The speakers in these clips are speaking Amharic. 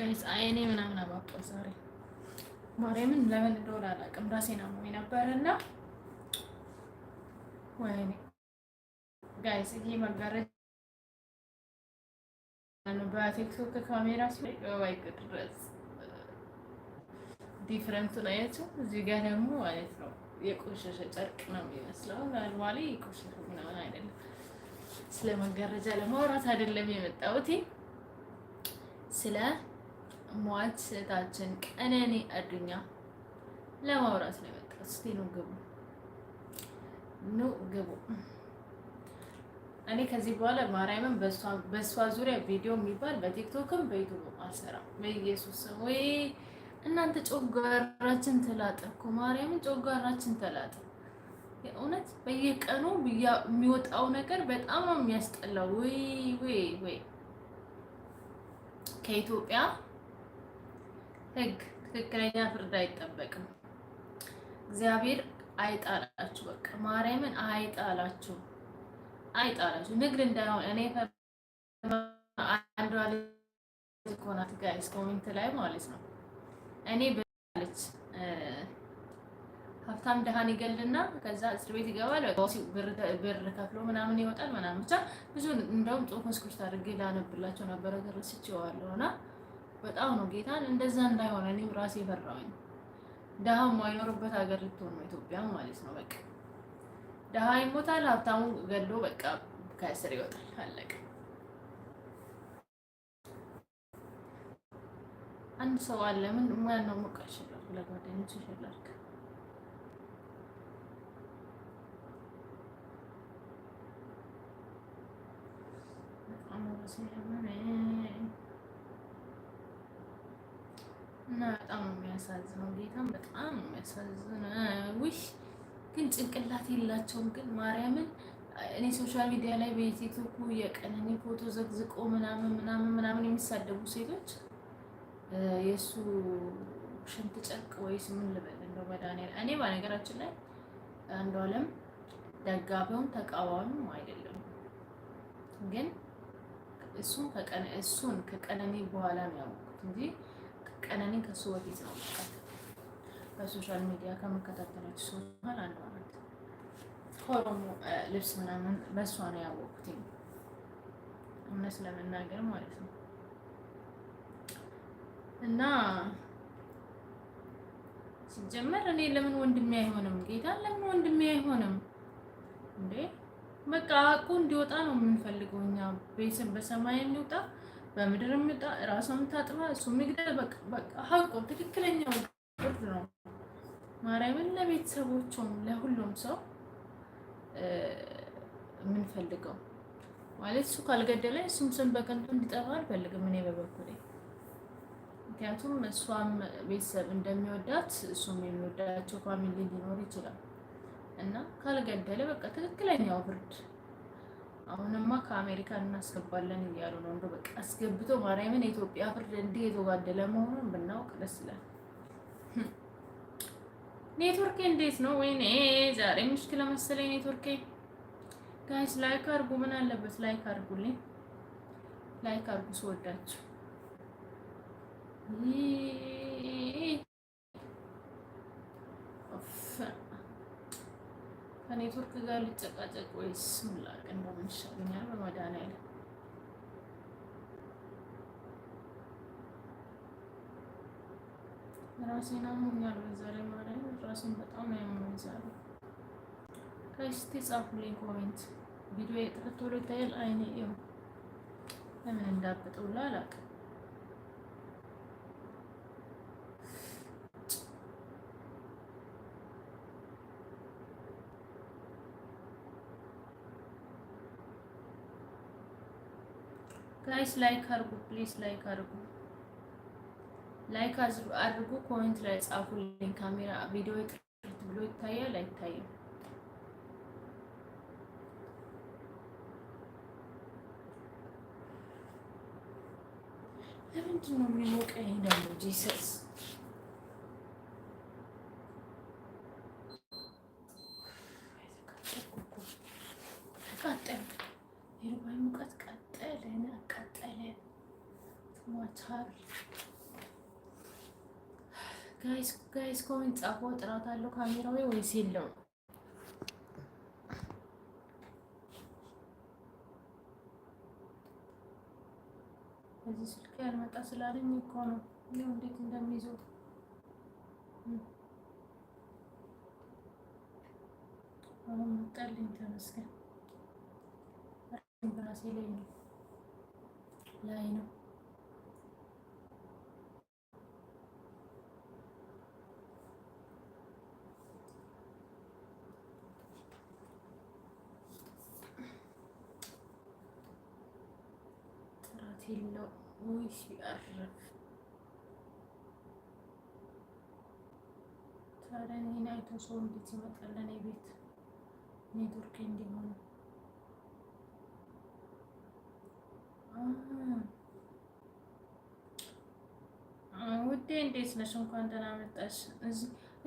ጋይስ አይኔ ምናምን አባባ ዛሬ ማርያምን ለምን እንደሆነ አላውቅም። ራሴን አሞኝ ነበርና ወይኔ ጋይስ ይሄ መጋረጃ በቲክቶክ ካሜራ ዲፍረንቱን አያችሁ። እዚህ ጋር ደግሞ ማለት ነው የቆሸሸ ጨርቅ ነው የሚመስለው። ኖርማሊ የቆሸሸ ምናምን አይደለም። ስለ መጋረጃ ለማውራት አይደለም የመጣሁት ስለ ሟች እህታችን ቀነኒ አዱኛ ለማውራት ነው የመጣው። እስኪ ኑ ግቡ፣ ኑ ግቡ። እኔ ከዚህ በኋላ ማርያምን በእሷ ዙሪያ ቪዲዮ የሚባል በቲክቶክም በዩቱብ አልሰራም። በኢየሱስ ወይ እናንተ ጮጋራችን ተላጠ እኮ ማርያምን ጮጋራችን ተላጠ። የእውነት በየቀኑ የሚወጣው ነገር በጣም ነው የሚያስጠላው። ወይ ወይ ወይ ከኢትዮጵያ ህግ ትክክለኛ ፍርድ አይጠበቅም። እግዚአብሔር አይጣላችሁ፣ በቃ ማርያምን አይጣላችሁ፣ አይጣላችሁ። ንግድ እንዳይሆን እኔ አንዷ ልጅ ኮናት ጋይስ ኮሜንት ላይ ማለት ነው እኔ ብላለች ሀብታም ድሃን ይገልና ከዛ እስር ቤት ይገባል። ብር ከፍሎ ምናምን ይወጣል ምናምን ብቻ ብዙ እንደውም ጽሁፍ መስኮች ታድርጌ ላነብላቸው ነበረ ገረስቼዋለሁ እና በጣም ነው ጌታን እንደዛ እንዳይሆነ እኔ ራሴ ፈራሁኝ። ድሃ የማይኖርበት ሀገር ልትሆን ነው ኢትዮጵያ ማለት ነው። በቃ ድሃ ይሞታል፣ ሀብታሙ ገድሎ በቃ ከእስር ይወጣል። አለቀ። አንድ ሰው አለ። ምን ማን ነው ሞቃሽ ለጓደኞች ሰላም I'm እና በጣም ነው የሚያሳዝነው። ጌታም በጣም ነው የሚያሳዝነው። ውሽ ግን ጭንቅላት የላቸውም። ግን ማርያምን እኔ ሶሻል ሚዲያ ላይ በቲክቶኩ የቀነኒ ፎቶ ዘግዝቆ ምናምን ምናምን ምናምን የሚሳደቡ ሴቶች የእሱ ሽንት ጨርቅ ወይስ ምን ልበል እንደው መድኃኒዓለም። እኔ በነገራችን ላይ አንዱ አለም ደጋፊውም ተቃዋሚም አይደለም፣ ግን እሱን ከቀነኔ ከቀነኒ በኋላ ነው ያወቅሁት እንጂ ቀነኔ ከሱ በፊት ነው በሶሻል ሚዲያ ከመከታተላቸው ሰዎች መሀል አንዷ ናት። ከኦሮሞ ልብስ ምናምን በእሷ ነው ያወቅኩት እውነት ለመናገር ማለት ነው። እና ሲጀመር እኔ ለምን ወንድሜ አይሆንም? ጌታ ለምን ወንድሜ አይሆንም እንዴ? በቃ አቁ እንዲወጣ ነው የምንፈልገው እኛ ቤተሰብ በሰማይ የሚወጣ በምድር ምጣ ራሷ የምታጥፋ እሱ የሚግደል በቃ ሀቁ ትክክለኛው ፍርድ ነው። ማርያምን ለቤተሰቦቹም ለሁሉም ሰው የምንፈልገው ማለት እሱ ካልገደለ እሱም ስም በከንቱ እንዲጠፋ አልፈልግም እኔ በበኩሌ። ምክንያቱም እሷም ቤተሰብ እንደሚወዳት እሱም የሚወዳቸው ፋሚሊ ሊኖር ይችላል እና ካልገደለ በቃ ትክክለኛው ፍርድ አሁንማ ከአሜሪካ እናስገባለን እያሉ ነው። እንደው በቃ አስገብቶ ማርያምን የኢትዮጵያ ፍርድ እንዲህ የተጓደለ መሆኑን ብናውቅ ደስ ይላል። ኔትወርኬ እንዴት ነው? ወይኔ ዛሬ ምሽክለ መሰለኝ ኔትወርኬ። ጋይስ ላይክ አርጉ፣ ምን አለበት ላይክ አርጉልኝ፣ ላይክ አድርጉ ስወዳችሁ። ይሄ ከኔትወርክ ጋር ልጨቃጨቅ ወይስ ምላቅ እንደምን ይሻለኛል? በመድኃኒዓለም ራሴን አሞኛል። ማርያም ራሴን በጣም ዛሬ። ከስቲ ጻፉልኝ ኮሜንት። ቪዲዮ ቶሎ ይታያል። አይኔ ይኸው ለምን እንዳበጠውላ አላውቅም። ፕላይስ ላይክ አርጉ፣ ፕሊስ ላይክ አድርጉ፣ ላይክ አድርጉ። ኮሜንት ላይ ጻፉልኝ። ካሜራ ቪዲዮ ጥርት ብሎ ይታያል አይታይም? ለምንድን ነው የሚሞቀኝ? ደግሞ ጂሰስ ተቃጠልኩ። ሙቀት ገደለን፣ አቃጠለን። ሞቻር ጋይስ ጋይስ ኮሜንት ጻፎ ጥራት አለው ካሜራው ወይስ የለውም? እዚህ ስልክ ያልመጣ ስላለኝ እኮ ነው። ይኸው እንዴት እንደሚይዘው አሁን መጣልኝ። ተመስገን ራሴ ላይ ነው ላይ ነው። ጥራት የለው ወይ ሲያርፍ ታዲያ እኔን አይቶ ሰው እንዴት ይመጣል? እኔ ቤት ኔትወርክ እንዲሆን ውዴ እንዴት ነሽ? እንኳን ደህና መጣሽ።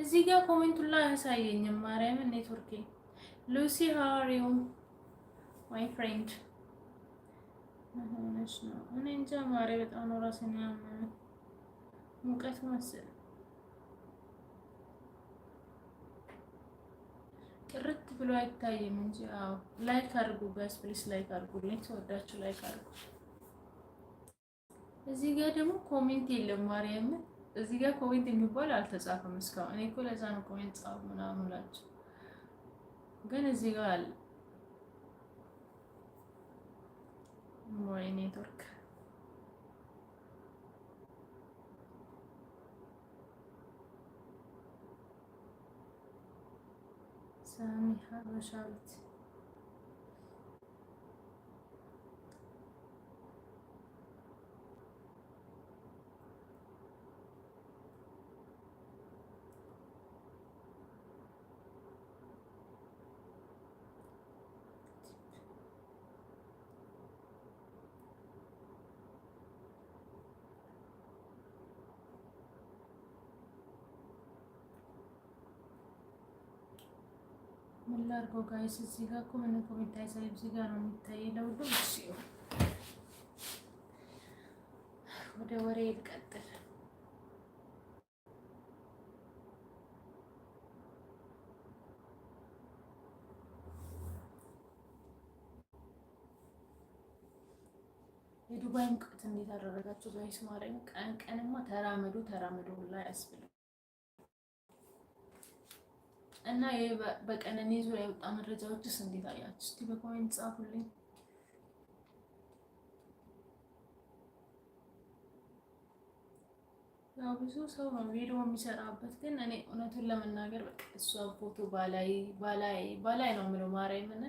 እዚህ ጋር ኮሜንቱን ላይ አያሳየኝም። ማርያምን ኔትወርኬ። ሉሲ ማይ ፍሬንድ። ሆነች ነው እኔ እንጃ ማሬ፣ በጣም ነው ራሴን ያመመኝ ሙቀት ጥርት ብሎ አይታይም እንጂ። አዎ ላይክ አድርጉ ጋይስ ፕሊስ፣ ላይክ አድርጉልኝ። ተወዳችሁ ላይክ አድርጉ። እዚህ ጋር ደግሞ ኮሜንት የለም። ማርያም እዚህ ጋር ኮሜንት የሚባል አልተጻፈም እስካሁን። እኔ እኮ ለዛ ነው ኮሜንት ጻፉ ምናምን ላችሁ፣ ግን እዚህ ጋር አለ ወይ ኔትወርክ ሳሚ ሀበሻ ቤት ምን ላድርገው ጋይስ? እዚህ ጋር እኮ ምንም የሚታይ ሳይሆን እዚህ ጋር ነው የሚታይ ለሁሉም። እሺ ወደ ወሬ ልቀጥል። የዱባይ ሙቀት እንዴት አደረጋችሁ ጋይስ? ማርያም ቀን ቀንማ ተራመዱ ተራመዱ ሁላ ያስብላል። እና በቀነኔ ዙሪያ የወጣ መረጃዎችስ እንዴት አያችሁ? እስቲ በኮሜንት ጻፉልኝ። ያው ብዙ ሰው ነው ቪዲዮ የሚሰራበት፣ ግን እኔ እውነቱን ለመናገር በቃ እሷ ፎቶ ባላይ ባላይ ባላይ ነው የምለው ምን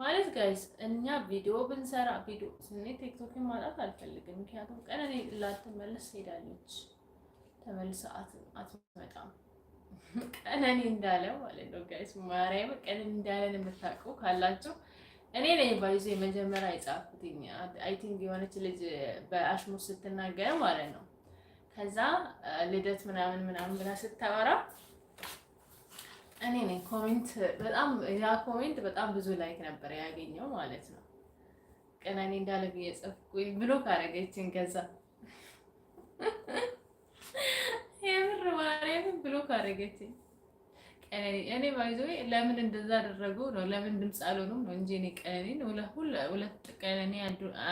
ማለት ጋይስ እኛ ቪዲዮ ብንሰራ ቪዲዮ ስኔ ቲክቶክን ማጣት አልፈልግም። ምክንያቱም ቀን እኔ ላትመለስ ትሄዳለች፣ ተመልሳ አትመጣም። ቀነኒ እንዳለ ማለት ነው ጋይስ ማርያም ቀነኒ እንዳለ የምታውቁ ካላችሁ እኔ ነኝ ባይዞ የመጀመሪያ የጻፍኩትኝ አይ ቲንክ የሆነች ልጅ ስትናገር ማለት ነው። ከዛ ልደት ምናምን ምናምን ብላ ስታወራ እኔ ነኝ ኮሜንት በጣም ያ ኮሜንት በጣም ብዙ ላይክ ነበር ያገኘው ማለት ነው። ቀነኒ እንዳለ ብዬ ጽፍኩኝ ብሎ ካረገችን ከዛ ግን ብሎክ አደረገችኝ። እኔ ባይዞ ለምን እንደዛ አደረጉ ነው ለምን ድምፅ አልሆኑም ነው እንጂ እኔ ቀነኒን ሁለት ቀነኒ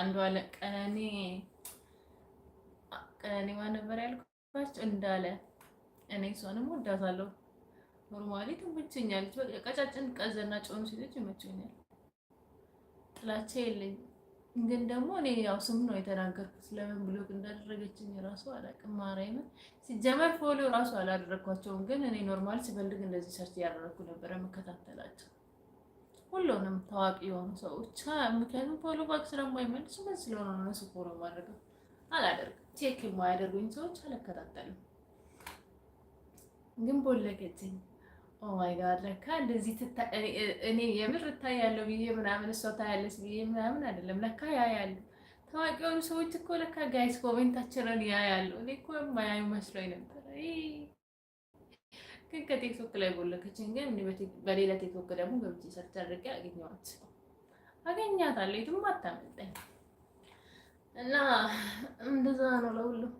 አንዷ ቀነኒ ቀነኒ ማን ነበር ያልኳቸው እንዳለ እኔ እሷንም ወዳታለሁ። ኖርማሊ ትመቸኛለች። በቃ ቀጫጭን ቀዘና ጮኑ ሴቶች ይመቸኛል። ጥላቻ የለኝም። ግን ደግሞ እኔ ያው ስም ነው የተናገርኩት። ለምን ብሎክ እንዳደረገችኝ ራሱ አላውቅም። ማርያምን ሲጀመር ፎሎ ራሱ አላደረግኳቸውም። ግን እኔ ኖርማል ሲፈልግ እንደዚህ ሰርች እያደረግኩ ነበረ መከታተላቸው ሁሉንም ታዋቂ የሆኑ ሰዎች። ምክንያቱም ፎሎ ባክ ስለማይመልስ ምን ስለሆነ ነው እነሱ ፎሎ ማድረገው አላደርግም። ቼክ የማያደርጉኝ ሰዎች አልከታተልም። ግን ቦለገችኝ ኦማይ oh ጋድ ለካ እንደዚህ እኔ የምር እታያለሁ ብዬ ምናምን እሷ ታያለች ብዬ ምናምን አይደለም። ለካ ያያሉ ታዋቂ የሆኑ ሰዎች እኮ ለካ ጋይስ ኮሜንታችንን ያያሉ። እኔ እኮ የማያዩ መስሎኝ ነበር፣ ግን ከቲክቶክ ላይ ቦለከችን። ግን በሌላ ቲክቶክ ደግሞ ገብቼ ሰርች አድርጌ አገኘኋት አገኛታለሁ። የትም አታመልጠኝ እና እንደዛ ነው ለሁሉም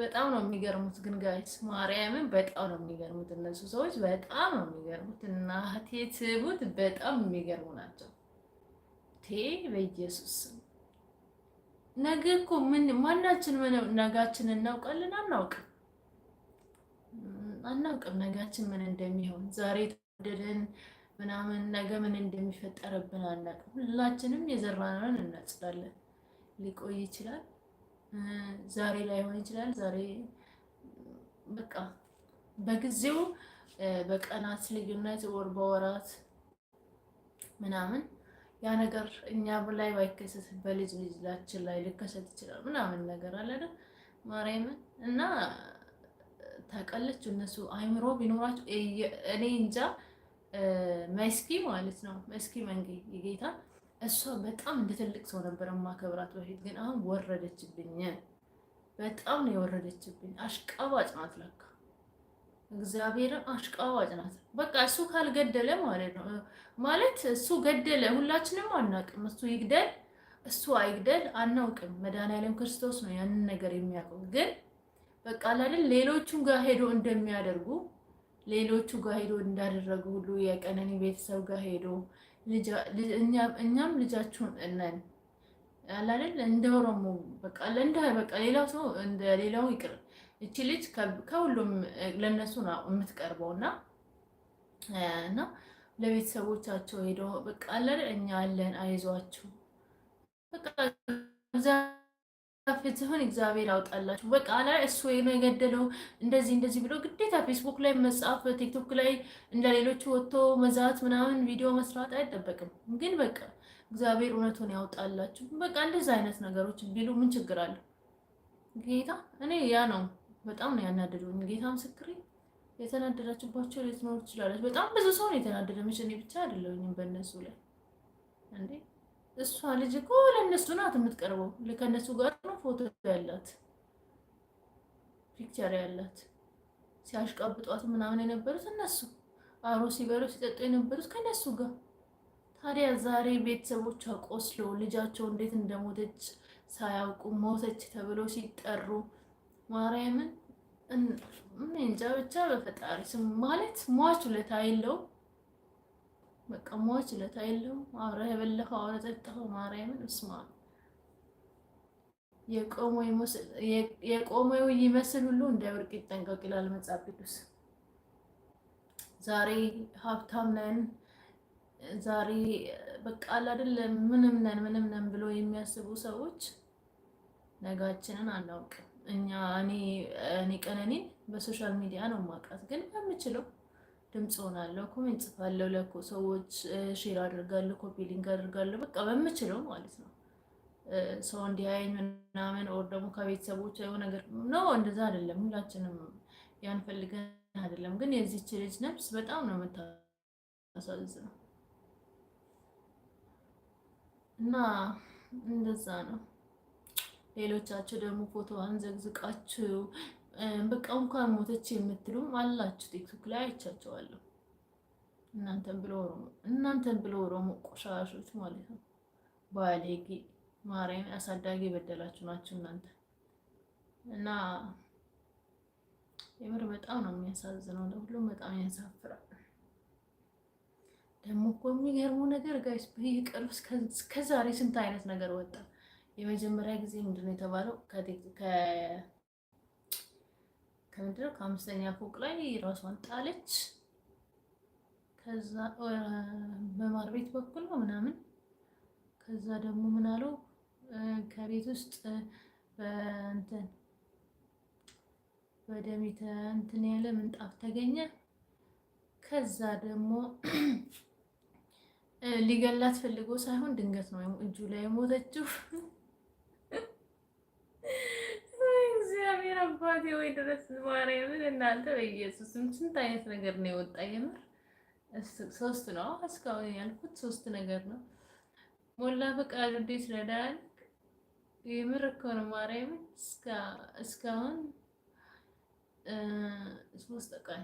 በጣም ነው የሚገርሙት። ግን ጋይስ ማርያምን በጣም ነው የሚገርሙት። እነሱ ሰዎች በጣም ነው የሚገርሙት። እናቴ ትቡት በጣም የሚገርሙ ናቸው። ቴ በኢየሱስ ነገ እኮ ምን ማናችን ምን ነጋችን እናውቃለን? አናውቅም፣ አናውቅም ነጋችን ምን እንደሚሆን ዛሬ ተወደደን ምናምን ነገ ምን እንደሚፈጠርብን አናውቅም። ሁላችንም የዘራነውን እናጭዳለን። ሊቆይ ይችላል ዛሬ ላይሆን ይችላል። ዛሬ በቃ በጊዜው በቀናት ልዩነት ወር በወራት ምናምን ያ ነገር እኛ ላይ ባይከሰት በልጅ ልጅላችን ላይ ሊከሰት ይችላል ምናምን ነገር አለ ማርያምን እና ታውቃለች። እነሱ አይምሮ ቢኖራቸው እኔ እንጃ መስኪ ማለት ነው መስኪ መንጌ የጌታ እሷ በጣም እንደ ትልቅ ሰው ነበር ማከብራት በፊት፣ ግን አሁን ወረደችብኝ። በጣም ነው የወረደችብኝ። አሽቃባጭ ናት ለካ እግዚአብሔርን አሽቃባጭ ናት። በቃ እሱ ካልገደለ ማለት ነው ማለት እሱ ገደለ፣ ሁላችንም አናውቅም። እሱ ይግደል እሱ አይግደል አናውቅም። መድኃኒዓለም ክርስቶስ ነው ያንን ነገር የሚያውቀው። ግን በቃ አይደል ሌሎቹ ጋር ሄዶ እንደሚያደርጉ ሌሎቹ ጋር ሄዶ እንዳደረጉ ሁሉ የቀነኒ ቤተሰብ ጋር ሄዶ እኛም ልጃችሁን እነን አላደል እንደ ኦሮሞ በቃ እንደ በቃ ሌላው ሰው እንደ ሌላው ይቅር። እቺ ልጅ ከሁሉም ለእነሱ ነው የምትቀርበው እና እና ለቤተሰቦቻቸው ሄደው በቃ አላደል እኛ አለን አይዟችሁ በቃ ፍትህን እግዚአብሔር ያውጣላችሁ። በቃ ላይ እሱ ነው የገደለው እንደዚህ እንደዚህ ብሎ ግዴታ ፌስቡክ ላይ መጻፍ፣ ቲክቶክ ላይ ሌሎቹ ወጥቶ መዛት ምናምን ቪዲዮ መስራት አይጠበቅም። ግን በቃ እግዚአብሔር እውነቱን ያውጣላችሁ። በቃ እንደዚህ አይነት ነገሮች ቢሉ ምን ችግር አለ? ጌታ እኔ ያ ነው በጣም ነው ያናደደው። ጌታ ምስክሬ የተናደዳችባቸው ልትኖር ትችላለች። በጣም ብዙ ሰው ነው የተናደደ። መቼ እኔ ብቻ አይደለሁኝም በእነሱ ላይ እንዴ እሷ ልጅ እኮ ለእነሱ ናት የምትቀርበው። ለከነሱ ጋር ነው ፎቶ ያላት ፒክቸር ያላት። ሲያሽቃብጧት ምናምን የነበሩት እነሱ አሮ ሲበሉ ሲጠጡ የነበሩት ከእነሱ ጋር። ታዲያ ዛሬ ቤተሰቦቿ ቆስለው ልጃቸው እንዴት እንደሞተች ሳያውቁ ሞተች ተብሎ ሲጠሩ ማርያምን እንጃ ብቻ በፈጣሪ ስም ማለት ሟች ለታ የለውም በቃ ሟች ለታ የለውም። አብረህ የበላኸው አብረህ ጠጣኸው። ማርያምን እስማ የቆመው ይመስል ሁሉ እንደ ብርቅ ይጠንቀቅ ይላል መጽሐፍ ቅዱስ። ዛሬ ሀብታም ነን፣ ዛሬ በቃ አይደለም ምንም ነን ምንም ነን ብሎ የሚያስቡ ሰዎች ነጋችንን አናውቅም። እኛ እኔ ቀነኔ በሶሻል ሚዲያ ነው ማቃት ግን በምችለው ድምፅ ሆናለሁ፣ ኮሜንት ጽፋለሁ፣ ለኮ ሰዎች ሼር አድርጋለሁ፣ ኮፒ ሊንክ አድርጋለሁ። በቃ በምችለው ማለት ነው። ሰው እንዲያየኝ ምናምን ኦር ደግሞ ከቤተሰቦች የሆነ ነገር ነው። እንደዛ አይደለም፣ ሁላችንም ያንፈልገን አይደለም። ግን የዚች ልጅ ነፍስ በጣም ነው የምታሳዝነው እና እንደዛ ነው። ሌሎቻቸው ደግሞ ፎቶ አንዘግዝቃችሁ በቃ እንኳን ሞተች የምትሉም አላችሁ። ቲክቶክ ላይ አይቻቸዋለሁ። እናንተን ብሎ ኦሮሞ እናንተን ብሎ ኦሮሞ ቆሻሾች ማለት ነው። ባለጌ ማርያም አሳዳጊ የበደላችሁ ናችሁ እናንተ እና የምር በጣም ነው የሚያሳዝነው። ለሁሉም በጣም ያሳፍራል። ደግሞ እኮ የሚገርመው ነገር ጋይስ በየቀኑ እስከዛሬ ስንት አይነት ነገር ወጣ። የመጀመሪያ ጊዜ ምንድን ነው የተባለው? ከምንድነው ከአምስተኛ ፎቅ ላይ ራሷን ጣለች። ከዛ በማር ቤት በኩል ነው ምናምን። ከዛ ደግሞ ምን አሉ ከቤት ውስጥ በእንትን በደም እንትን ያለ ምንጣፍ ተገኘ። ከዛ ደግሞ ሊገላት ፈልጎ ሳይሆን ድንገት ነው እጁ ላይ የሞተችው። አባቴ ወይ ድረስ ማርያምን እናንተ በኢየሱስም ስንት አይነት ነገር ነው የወጣ። የምር ሶስት ነው እስካሁን ያልኩት ሶስት ነገር ነው። ሞላ ፈቃዱ ዴ ስለዳል የምር እኮ ነው ማርያምን እስካሁን ሶስት ቀን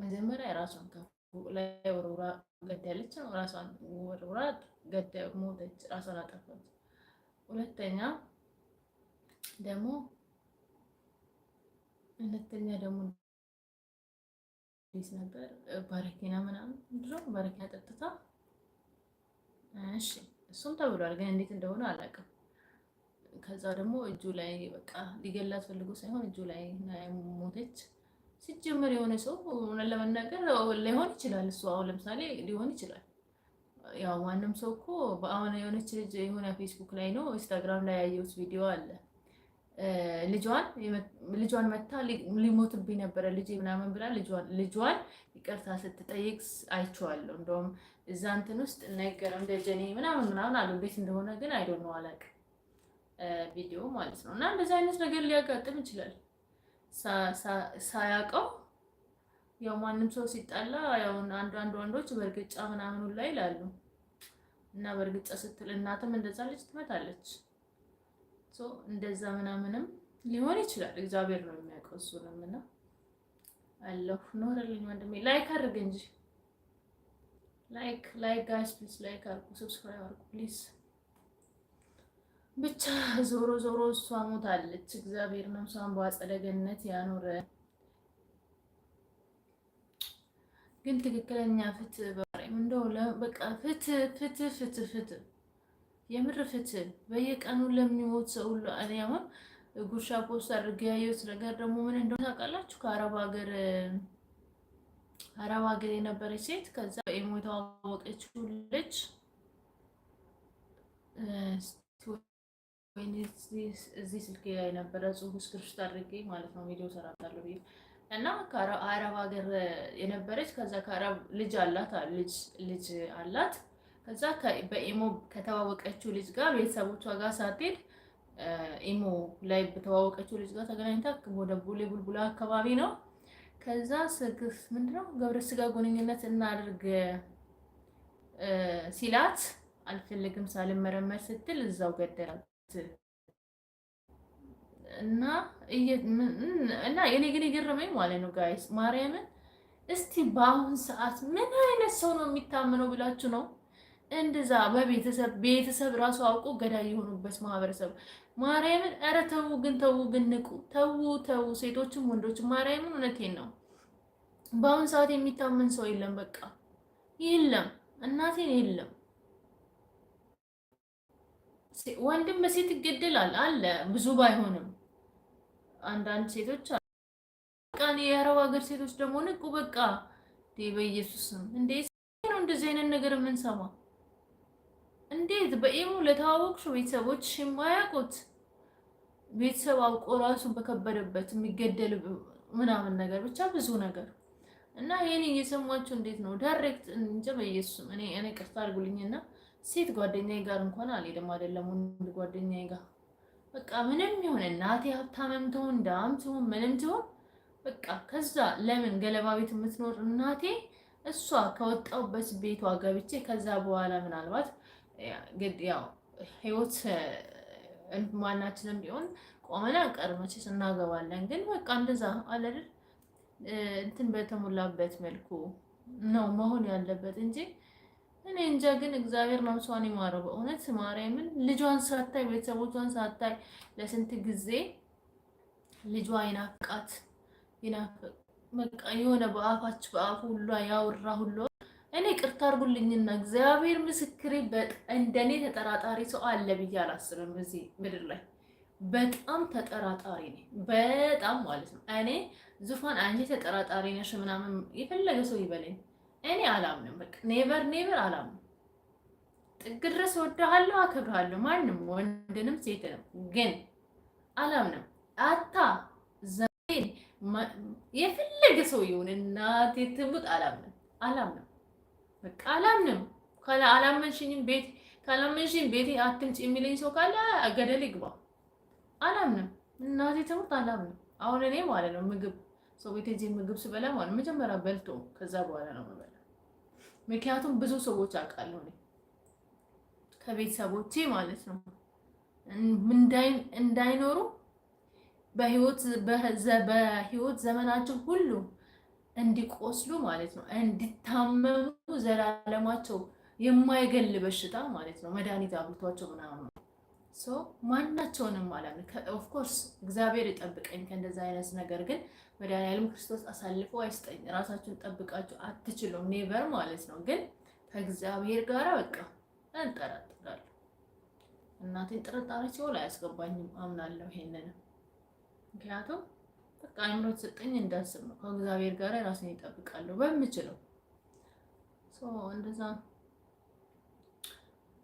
መጀመሪያ ራሷን ከፉ ላይ ወርውራ ገደለች ነው። ራሷን ወርውራ ገደ ሞተች፣ ራሷን አጠፋች። ሁለተኛ ደግሞ ሁለተኛ ደግሞ ቤት ነበር ባረኬና ምናምን ድሮ ባረኪና ጠጥታ፣ እሺ እሱም ተብሏል፣ ግን እንዴት እንደሆነ አላውቅም። ከዛ ደግሞ እጁ ላይ በቃ ሊገላት ፈልጎ ሳይሆን እጁ ላይ ሞተች። ሲጀመር የሆነ ሰው እውነት ለመናገር ሊሆን ይችላል። እሱ አሁን ለምሳሌ ሊሆን ይችላል። ያው ማንም ሰው እኮ በአሁን የሆነች ልጅ የሆነ ፌስቡክ ላይ ነው ኢንስታግራም ላይ ያየሁት ቪዲዮ አለ ልጇን ልጇን መታ ሊሞትብኝ ነበረ ልጅ ምናምን ብላ ልጇን ይቅርታ ስትጠይቅ አይቼዋለሁ። እንደውም እዛ እንትን ውስጥ ነገር እንደ ምናምን ምናምን አሉ። እንዴት እንደሆነ ግን አይዶን ነው አላቅ ቪዲዮ ማለት ነው። እና እንደዚህ አይነት ነገር ሊያጋጥም ይችላል ሳያውቀው። ያው ማንም ሰው ሲጣላ ያውን አንዱ አንዱ ወንዶች በእርግጫ ምናምኑ ላይ ይላሉ። እና በእርግጫ ስትል እናትም እንደዛ ልጅ ትመታለች። እንደዛ ምናምንም ሊሆን ይችላል። እግዚአብሔር ነው የሚያውቀው። እሱንም እና አለሁ ኖርልኝ ወንድሜ። ላይክ አድርግ እንጂ ላይክ ላይክ ጋይስ ፕሊዝ ላይክ አድርጉ፣ ሰብስክራይብ አድርጉ ፕሊዝ። ብቻ ዞሮ ዞሮ እሷ ሞታለች። እግዚአብሔር ነፍሷን በአጸደ ገነት ያኖረ። ግን ትክክለኛ ፍትህ በቃ እንደው በቃ ፍትህ ፍትህ ፍትህ ፍትህ የምር ፍትህ በየቀኑ ለሚሞት ሰው ሁሉ እኔ አሁን ጉርሻ ፖስት አድርጌ ያየሁት ነገር ደግሞ ምን እንደሆነ ታውቃላችሁ? ከአረብ ሀገር አረብ ሀገር የነበረች ሴት ከዛ በኢሞ ልጅ እዚህ ስልክ ላይ ነበረ ጽሁፍ ስክሪፕት አድርጌ ማለት ነው ቪዲዮ ሰራታለሁ ብዬ እና ከአረብ ሀገር የነበረች ከዛ ከአረብ ልጅ አላት ልጅ አላት ከዛ በኢሞ ከተዋወቀችው ልጅ ጋር ቤተሰቦቿ ጋር ሳትሄድ ኢሞ ላይ በተዋወቀችው ልጅ ጋር ተገናኝታ ወደ ቦሌ ቡልቡላ አካባቢ ነው። ከዛ ስግፍ ምንድነው ገብረ ስጋ ግንኙነት እናድርግ ሲላት አልፈልግም ሳልመረመር ስትል እዛው ገደላት እና እና እኔ ግን የገረመኝ ማለት ነው ጋይስ ማርያምን እስቲ በአሁን ሰዓት ምን አይነት ሰው ነው የሚታምነው ብላችሁ ነው እንደዛ በቤተሰብ ቤተሰብ ራሱ አውቆ ገዳይ የሆኑበት ማህበረሰብ ማርያምን፣ ኧረ ተው ግን ተው ግን ንቁ፣ ተው ተው፣ ሴቶችም ወንዶችም ማርያምን፣ እውነቴን ነው። በአሁን ሰዓት የሚታመን ሰው የለም፣ በቃ የለም፣ እናቴን የለም። ወንድም በሴት ይገደላል አለ ብዙ ባይሆንም አንዳንድ ሴቶች በቃ የአረብ ሀገር ሴቶች ደግሞ ንቁ፣ በቃ በኢየሱስም እንዴ ነው እንደዚህ አይነት ነገር የምንሰማው? እንዴት በኢሙ ለተዋወቅሹ ቤተሰቦች ሲማያቁት ቤተሰብ አውቆ ራሱን በከበደበት የሚገደል ምናምን ነገር ብቻ ብዙ ነገር እና ይህን እየሰማችሁ እንዴት ነው ዳይሬክት እንጂ በኢየሱስ እኔ እኔ ቅርታ አድርጉልኝና ሴት ጓደኛዬ ጋር እንኳን አልሄድም፣ አይደለም ወንድ ጓደኛዬ ጋር በቃ ምንም ይሁን እናቴ ሀብታምም ትሁን ዳም ትሁን ምንም ትሁን በቃ ከዛ ለምን ገለባ ቤት የምትኖር እናቴ እሷ ከወጣሁበት ቤቷ ገብቼ ከዛ በኋላ ምናልባት ያው ህይወት ማናችንም ቢሆን ቆመን አንቀርም፣ እናገባለን። ግን በቃ እንደዛ አለድል እንትን በተሞላበት መልኩ ነው መሆን ያለበት እንጂ እኔ እንጃ። ግን እግዚአብሔር ነፍሷን ይማረው በእውነት ማርያምን። ልጇን ሳታይ ቤተሰቦቿን ሳታይ ለስንት ጊዜ ልጇ ይናፍቃት ይናፍቅ በቃ የሆነ በአፋች በአፉ ሁሉ ያወራ ሁሉ እኔ ቅርታ አርጉልኝና እግዚአብሔር ምስክሬ እንደኔ ተጠራጣሪ ሰው አለ ብዬ አላስብም እዚህ ምድር ላይ በጣም ተጠራጣሪ ነኝ። በጣም ማለት ነው። እኔ ዙፋን አንቺ ተጠራጣሪ ነሽ ምናምን የፈለገ ሰው ይበለኝ፣ እኔ አላምንም። በቃ ኔቨር ኔቨር አላምንም። ጥግ ድረስ እወድሃለሁ፣ አከብርሃለሁ፣ ማንም ወንድንም ሴትንም ግን አላምንም። አታ ዘን የፈለገ ሰው ይሁን እናቴ ትሙት አላምንም፣ አላምንም በቃ አላምንም። ካላመንሽኝም ቤት ካላመንሽኝ ቤቴ አትምጪ የሚለኝ ሰው ካለ ገደል ይግባ። አላምንም። እናቴ ትምህርት አላምንም። አሁን እኔ ማለት ነው ምግብ ሰው ቤት እዚህ ምግብ ስበላ ማለት ነው መጀመሪያ በልቶ ከዛ በኋላ ነው የምበላ። ምክንያቱም ብዙ ሰዎች አውቃለሁ እኔ ከቤተሰቦቼ ማለት ነው እንዳይኖሩ በህይወት በህይወት ዘመናቸው ሁሉ እንዲቆስሉ ማለት ነው፣ እንዲታመሙ ዘላለማቸው የማይገል በሽታ ማለት ነው። መድኃኒት አብልቷቸው ምናምን ነው። ማናቸውንም ማለት ኦፍኮርስ እግዚአብሔር ይጠብቀኝ ከእንደዚ አይነት ነገር። ግን መድኃኒዓለም ክርስቶስ አሳልፎ አይስጠኝ። ራሳችሁን ጠብቃችሁ አትችሉም፣ ኔቨር ማለት ነው። ግን ከእግዚአብሔር ጋር በቃ እንጠራጥራለሁ። እናቴን ጥርጣሬ ሲሆን አያስገባኝም፣ አምናለሁ ይሄንንም ምክንያቱም በቃ አይምሮ ተሰጠኝ እንዳስብ ነው። ከእግዚአብሔር ጋር ራሴን ይጠብቃለሁ በምችለው እንደዛ።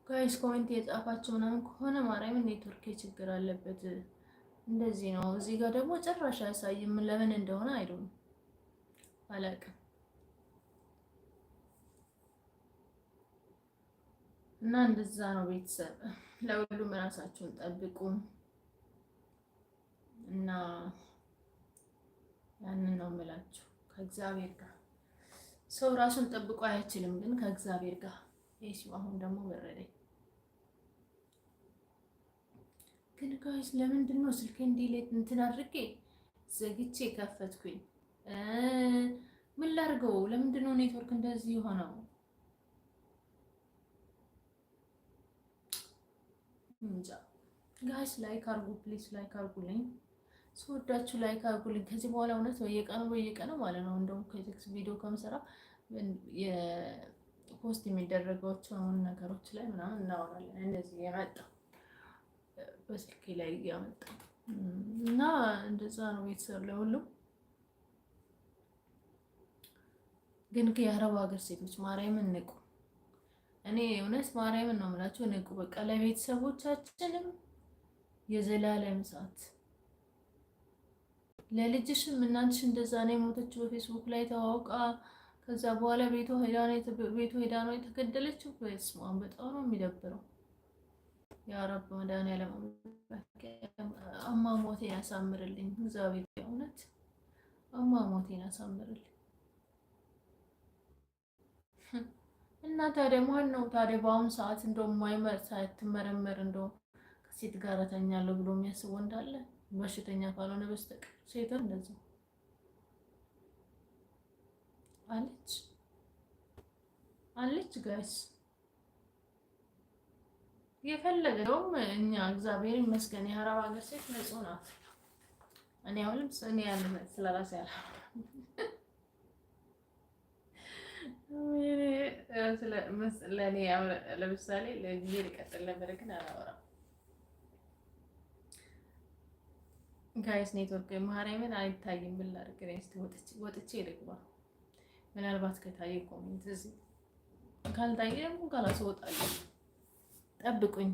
ጋይስ ኮሜንት የጻፋችሁ ምናምን ከሆነ ማርያምን ኔትወርክ ችግር አለበት እንደዚህ ነው። እዚህ ጋር ደግሞ ጭራሽ አያሳይም ለምን እንደሆነ አይደለም አላውቅም። እና እንደዛ ነው ቤተሰብ። ለሁሉም ራሳችሁን ጠብቁ እና ያንን ነው የምላችሁ። ከእግዚአብሔር ጋር ሰው ራሱን ጠብቆ አይችልም፣ ግን ከእግዚአብሔር ጋር ይህ አሁን ደግሞ በረደኝ። ግን ጋይስ ለምንድን ነው ስልኬ እንዲሌት እንትን አድርጌ ዘግቼ ከፈትኩኝ? ምን ላድርገው? ለምንድን ነው ኔትወርክ እንደዚህ የሆነው? እንጃ ጋይስ ላይክ አርጉ ፕሊዝ፣ ላይክ አርጉልኝ። ስወዳችሁ ላይክ አድርጉልኝ። ከዚህ በኋላ እውነት በየቀኑ በየቀኑ ማለት ነው እንደውም ከቴክስ ቪዲዮ ከምሰራ ፖስት የሚደረገውን ነገሮች ላይ ምናምን እናወራለን። እንደዚህ የመጣው በስልኬ ላይ ያመጣው እና እንደዛ ነው ቤተሰብ ለሁሉም ግን የአረብ ሀገር ሴቶች ማርያምን ንቁ። እኔ እውነት ማርያምን ነው የምላቸው፣ ንቁ በቃ ለቤተሰቦቻችንም የዘላለም ሰዓት ለልጅሽም እናንትሽ እንደዛ ነው የሞተችው በፌስቡክ ላይ ተዋውቃ ከዛ በኋላ ቤቱ ሄዳ ቤቱ ሄዳ ነው የተገደለችው። ወይስ ማን? በጣም ነው የሚደብረው። ያ ረብ መድኃኒዓለም አሟሟቴን ያሳምርልኝ እግዚአብሔር፣ በእውነት አሟሟቴን ያሳምርልኝ። እና ታዲያ ማን ነው ታዲያ በአሁኑ ሰዓት እንደው ማይመር እንደው ከሴት ጋር ተኛለሁ ብሎ የሚያስብ ወንድ በሽተኛ ካልሆነ በስተቀር ሴትም እንደዚያ አለች አለች። ጋይስ የፈለገውም እኛ እግዚአብሔር ይመስገን የአረብ ሀገር ሴት ንጹሕ ናት። እኔ አሁንም እኔ ያለ ስለራሴ ያለ ለእኔ ለምሳሌ ለጊዜ ሊቀጥል ነበር ግን አላወራም ጋይስ ኔትወርክ ማርያምን አይታይም። ምን ላድርግ ጋይስ? ወጥቼ ልግባ። ምናልባት ከታየ ኮሜንት እዚህ፣ ካልታየ ደግሞ ካላስወጣለሁ። ጠብቁኝ።